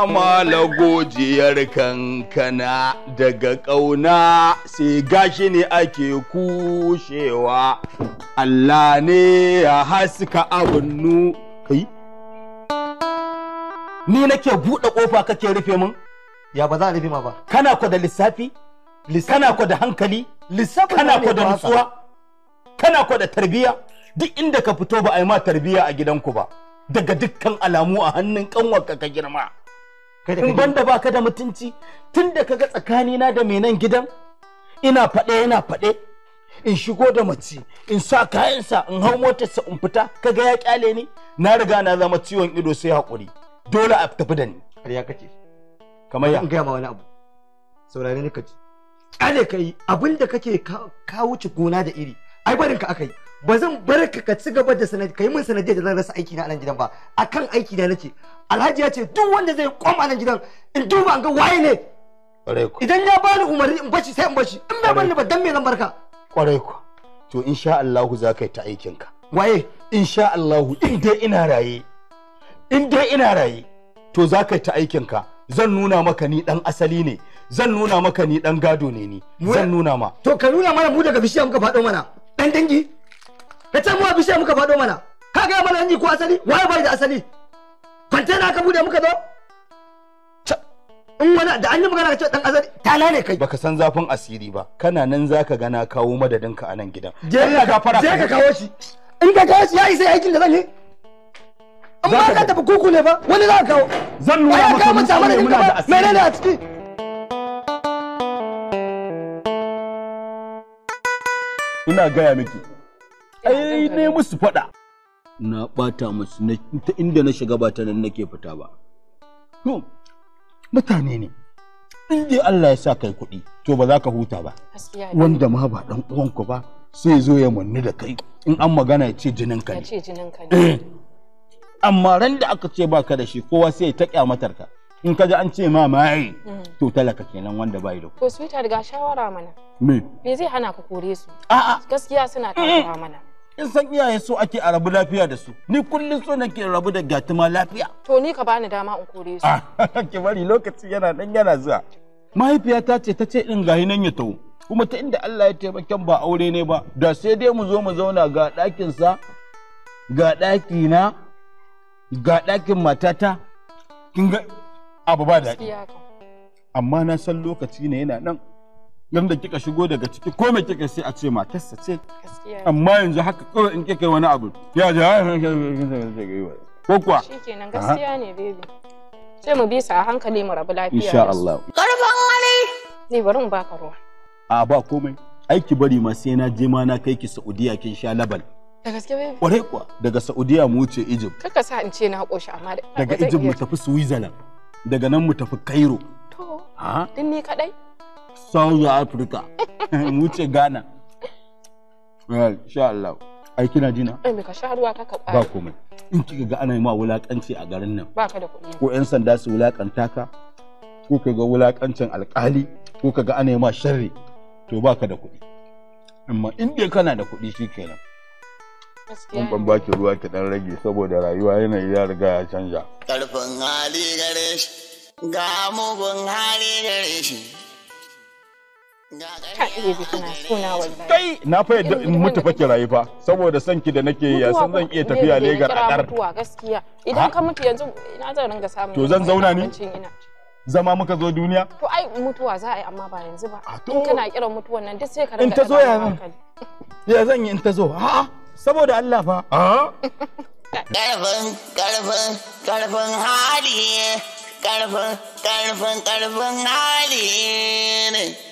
amala gojiyar kankana daga ƙauna sai gashi ne ake kushewa Allah ne ya haska abinnu kai ni nake buɗe ƙofa kake rufe mun? ya ba za a rufe ma ba kana ku da lissafi kana ku da hankali kana ku da nutsuwa kana ku da tarbiyya duk inda ka fito ba a yi ma tarbiyya a gidanku ba daga dukkan alamu a hannun kanwarka ka girma in banda baka da mutunci tun da kaga na da menen gidan ina faɗe ina faɗe in shigo da mace in sa kayansa in hau motarsa in fita kaga ya kyale ni na riga na zama ciwon ido sai hakuri dole a tafi da ni har ya kace kamar ya gaya ma wani abu saurare ni kaji kyale kai abinda kake ka wuce gona da iri ai barin ka akai ba zan bar ka ka ci gaba da sanadi kai min sanadiyar da zan rasa aiki na nan gidan ba akan aiki na nake alhaji ya ce duk wanda zai koma nan gidan in duba an ga waye ne idan ya bani umarni in bashi sai in bashi in bai bani ba dan me zan barka kwarai ku to insha Allah za ka yi ta aikin ka waye insha Allah in dai ina raye in dai ina raye to za ka yi ta aikin ka zan nuna maka ni dan asali ne zan nuna maka ni dan gado ne ni zan nuna ma to ka nuna mana mu daga bishiya muka faɗo mana dan dangi ka ce mu bishiya muka fado mana ka gaya mana hanji ko asali waye bai da asali kwantena ka bude muka zo in wani da an yi magana ka ce dan asali tala ne kai baka san zafin asiri ba kana nan zaka gana kawo madadin ka a nan gidan je ka ka kawo shi in ka kawo shi ya isa aikin da zan yi amma ka tafi kuku ne ba wani za ka kawo zan nuna maka mun muna da asiri menene a ciki ina gaya miki ai ne musu faɗa na ɓata musu ta inda na shiga ba ta nan nake fita ba to mutane ne inda Allah ya sa kai kuɗi to ba za ka huta ba wanda ma ba dan uwanku ba sai zo ya manni da kai in an magana ya ce jinin ka ne eh. amma ran da aka ce baka da shi kowa sai ya ta matarka. in ka ji an ce ma maye. Mm. to talaka kenan wanda bai da ko sweetheart ga shawara mana me me zai hana ka kore su a'a gaskiya suna takura mana in san iyaye so ake a rabu lafiya da su ni kullum so nake rabu da gatuma lafiya to ni ka bani dama in kore su ah, ki bari lokaci yana dan yana zuwa mahaifiyata ce ta ce in gahi nan ya taho kuma ta inda Allah ya taimaken ba aure ne ba da sai dai mu zo mu zauna ga ɗakinsa ga na, ga ɗakin matata kin ga abu ba daɗi amma na san lokaci ne yana nan yadda kika shigo daga ciki ko mai kika sai a ce matarsa ce amma yanzu haka kawai in kika wani abu ya ji ko kuwa shikenan gaskiya ne baby sai mu su a hankali mu rabu lafiya insha Allah karfan wani zai bari mu baka ruwa a ba komai aiki bari ma sai na je ma na kai ki Saudiya kin sha labal da gaske baby kwarai kuwa daga Saudiya mu wuce Egypt kaka sa in ce na shi amma daga Egypt mu tafi Switzerland daga nan mu tafi Cairo to din ne kadai South Africa. Mu Ghana. Well, sha Allah. Ai kina jina? Ai me ka sha ruwa ta ka Ba komai. In kika ga ana yi ma wulakanci a garin nan. Ba ka da kuɗi. Ko ƴan sanda su wulakanta ka. Ko ka ga wulakancin alƙali. Ko ka ga ana yi ma sharri. To ba ka da kuɗi. Amma in dai kana da kuɗi shi kenan. Mun ban baki ruwa ki dan rage saboda rayuwa yanayi ya riga ya canja. Karfin hali gare shi. Ga mugun hali gare shi. kai na fa yadda in mutu fa rayuwa fa saboda sanki ki da nake yi san zan iya tafiya legar a dar mutuwa gaskiya idan ka mutu yanzu ina zan ringa samun to zan zauna ni zama muka zo duniya to ai mutuwa za a yi amma ba yanzu ba in kana kiran mutuwan nan duk sai ka in ta zo ya ya zan yi in ta zo a'a saboda Allah fa a'a karfin karfin karfin hali karfin karfin karfin hali ne